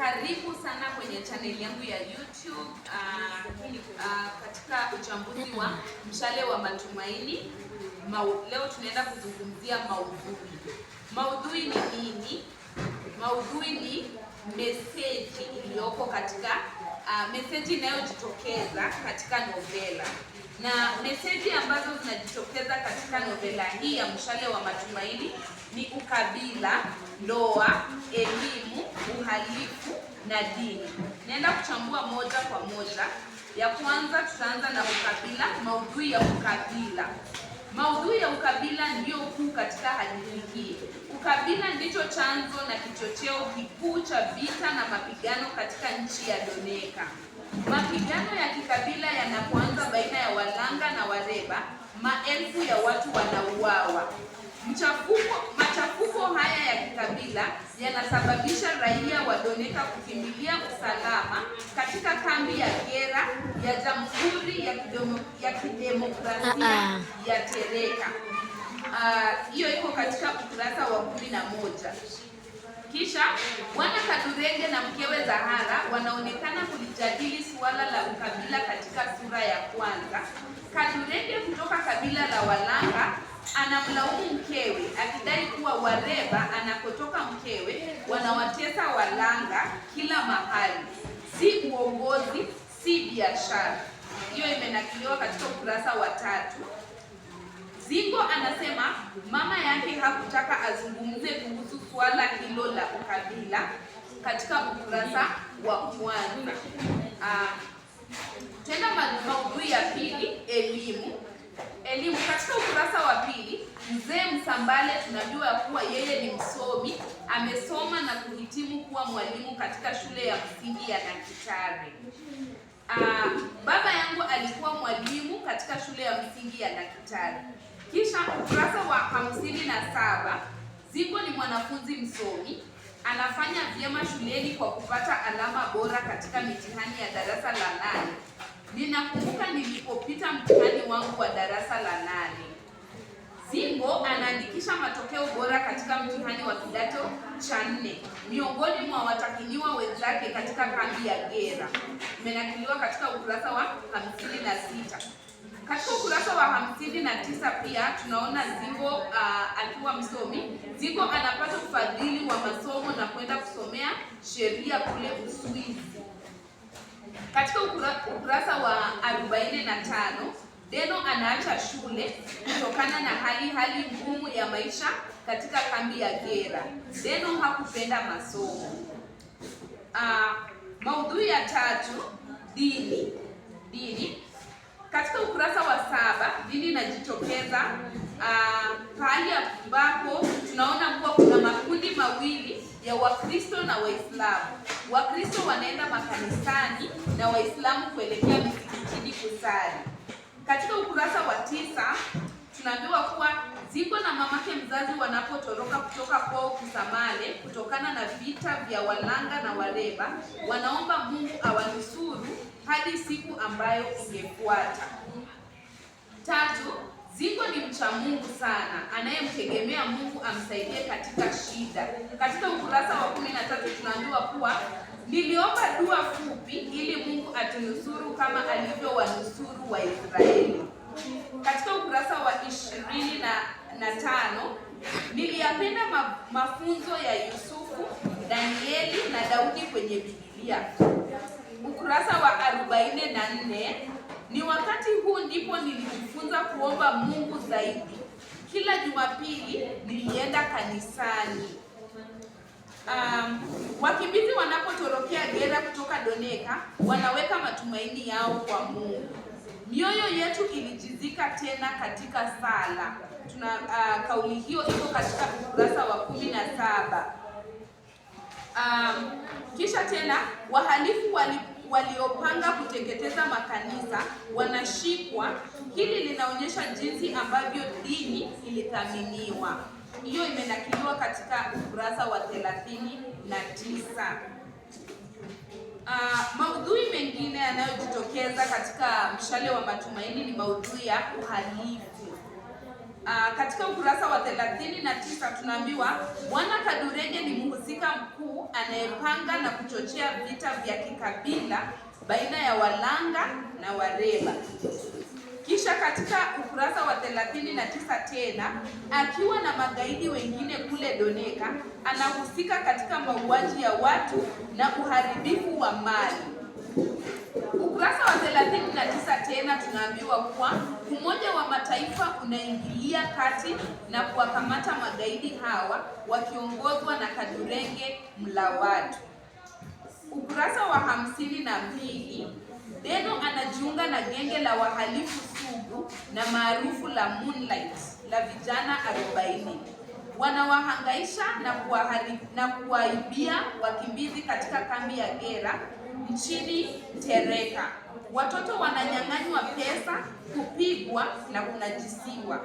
Karibu sana kwenye chaneli yangu ya YouTube uh, uh, katika uchambuzi wa mshale wa matumaini. Mau, leo tunaenda kuzungumzia maudhui. Maudhui ni nini? Maudhui ni meseji iliyoko katika uh, meseji inayojitokeza katika novela, na meseji ambazo zinajitokeza katika novela hii ya mshale wa matumaini ni ukabila, ndoa, elimu uhalifu na dini. Naenda kuchambua moja kwa moja. Ya kwanza tutaanza na ukabila, maudhui ya ukabila. Maudhui ya ukabila ndiyo kuu katika hadithi hii. Ukabila ndicho chanzo na kichocheo kikuu cha vita na mapigano katika nchi ya Doneka. Mapigano ya kikabila yanapoanza baina ya Walanga na Wareba, maelfu ya watu wanauawa. Machafuko haya ya kikabila yanasababisha katika kambi ya Gera ya Jamhuri ya Kidemokrasia ah, ah. ya Tereka. Ah, hiyo uh, iko katika ukurasa wa kumi na moja. Kisha Bwana Kadurenge na mkewe Zahara wanaonekana kulijadili suala la ukabila katika sura ya kwanza. Kadurenge kutoka kabila la Walanga anamlaumu mkewe akidai kuwa Wareba anakotoka mkewe wanawatesa Walanga kila mahali si uongozi, si biashara. Hiyo imenakiliwa katika ukurasa wa tatu. Zingo anasema mama yake hakutaka azungumze kuhusu suala hilo la ukabila katika ukurasa wa kwanza. Ah, tena maudhui ya pili, elimu. Elimu katika Mzee Msambale tunajua kuwa yeye ni msomi, amesoma na kuhitimu kuwa mwalimu katika shule ya msingi ya Nakitare. Aa, ah, baba yangu alikuwa mwalimu katika shule ya msingi ya Nakitare. Kisha ukurasa wa hamsini na saba Ziko ni mwanafunzi msomi, anafanya vyema shuleni kwa kupata alama bora katika mitihani ya darasa la nane. Ninakumbuka nilipopita mtihani wangu wa darasa la nane. Zimbo anaandikisha matokeo bora katika mtihani wa kidato cha nne miongoni mwa watakiniwa wenzake katika kambi ya Gera. Imenakiliwa katika ukurasa wa hamsini na sita. Katika ukurasa wa hamsini na tisa pia tunaona Zimbo uh, akiwa msomi. Zimbo anapata ufadhili wa masomo na kwenda kusomea sheria kule Uswizi. Katika ukura, ukurasa wa arobaini na tano Deno anaacha shule kutokana na hali hali ngumu ya maisha katika kambi ya Gera. Deno hakupenda masomo. Uh, maudhui ya tatu dini. Dini katika ukurasa wa saba dini inajitokeza uh, ambapo tunaona kuwa kuna makundi mawili ya Wakristo na Waislamu. Wakristo wanaenda makanisani na Waislamu kuelekea misikitini kusali. Katika ukurasa wa tisa tunaambiwa kuwa Ziko na mamake mzazi wanapotoroka kutoka kwao Kusamale kutokana na vita vya Walanga na Wareba, wanaomba Mungu awanusuru hadi siku ambayo ingefuata. Tatu, Ziko ni mcha Mungu sana anayemtegemea Mungu amsaidie katika shida. Katika ukurasa wa kumi na tatu tunaambiwa kuwa niliomba dua alinusuru kama alivyowanusuru Waisraeli. Katika ukurasa wa ishirini na, na tano niliyapenda ma, mafunzo ya Yusufu, Danieli na Daudi kwenye Biblia. Ukurasa wa arobaini na nne ni wakati huu ndipo nilijifunza kuomba Mungu zaidi. Kila Jumapili nilienda kanisani. Wakimbizi wanapotorokea gera kutoka Doneka, wanaweka matumaini yao kwa Mungu. Mioyo yetu ilijizika tena katika sala. Tuna uh, kauli hiyo iko katika ukurasa wa kumi na saba. Um, kisha tena wahalifu wali, waliopanga kuteketeza makanisa wanashikwa. Hili linaonyesha jinsi ambavyo dini ilithaminiwa. Hiyo imenakiliwa katika ukurasa wa 39. Uh, ah, maudhui mengine yanayojitokeza katika mshale wa matumaini ni maudhui ya uhalifu. Uh, katika ukurasa wa 39 tunaambiwa Bwana Kadurenge ni mhusika mkuu anayepanga na kuchochea vita vya kikabila baina ya Walanga na Wareba. Kisha katika ukurasa wa 39 tena, akiwa na magaidi wengine kule Doneka, anahusika katika mauaji ya watu na uharibifu wa mali. Ukurasa wa 39 tena tunaambiwa kuwa Umoja wa Mataifa unaingilia kati na kuwakamata magaidi hawa wakiongozwa na Kadurenge Mlawatu. Ukurasa wa 52 Deno anajiunga na genge la wahalifu sugu na maarufu la Moonlight la vijana 40 wanawahangaisha na kuwahari, na kuwaibia wakimbizi katika kambi ya Gera nchini Tereka. Watoto wananyang'anywa pesa, kupigwa na kunajisiwa.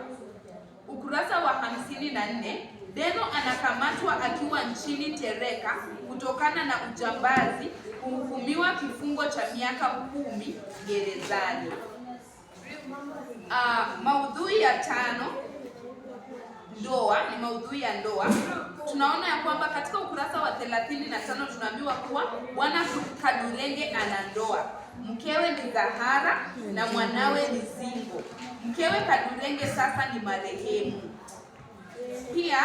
Ukurasa wa 54, Deno anakamatwa akiwa nchini Tereka kutokana na ujambazi, kuhukumiwa kifungo cha miaka kumi gerezani. Uh, maudhui ya tano ndoa, ni maudhui ya ndoa. Tunaona ya kwamba katika ukurasa wa 35 tunaambiwa kuwa Bwana Kadurenge ana ndoa, mkewe ni Zahara na mwanawe ni Zingo. Mkewe Kadurenge sasa ni marehemu. Pia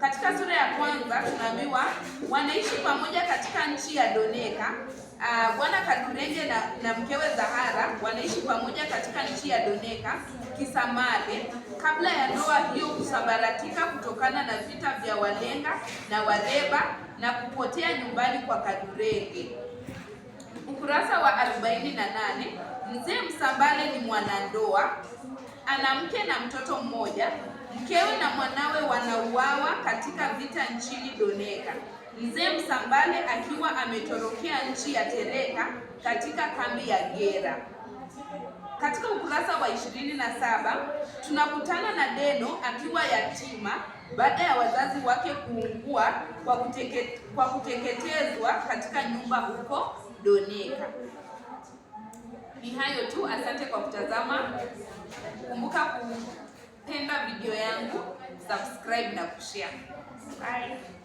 katika sura ya kwanza tunaambiwa wanaishi pamoja katika nchi ya Doneka Uh, Bwana Kadurenge na, na mkewe Zahara wanaishi pamoja katika nchi ya Doneka Kisamale kabla ya ndoa hiyo kusambaratika kutokana na vita vya Walenga na Wareba na kupotea nyumbani kwa Kadurenge. Ukurasa wa 48. Mzee Msambale ni mwanandoa, ana mke na mtoto mmoja. Mkewe na mwanawe wanauawa katika vita nchini Doneka. Mzee Msambale akiwa ametorokea nchi ya Tereka katika kambi ya Gera. Katika ukurasa wa ishirini na saba tunakutana na Deno akiwa yatima baada ya wazazi wake kuungua kwa, kuteke, kwa kuteketezwa katika nyumba huko Doneka. Ni hayo tu, asante kwa kutazama. Kumbuka kupenda video yangu, subscribe na kushare. Bye.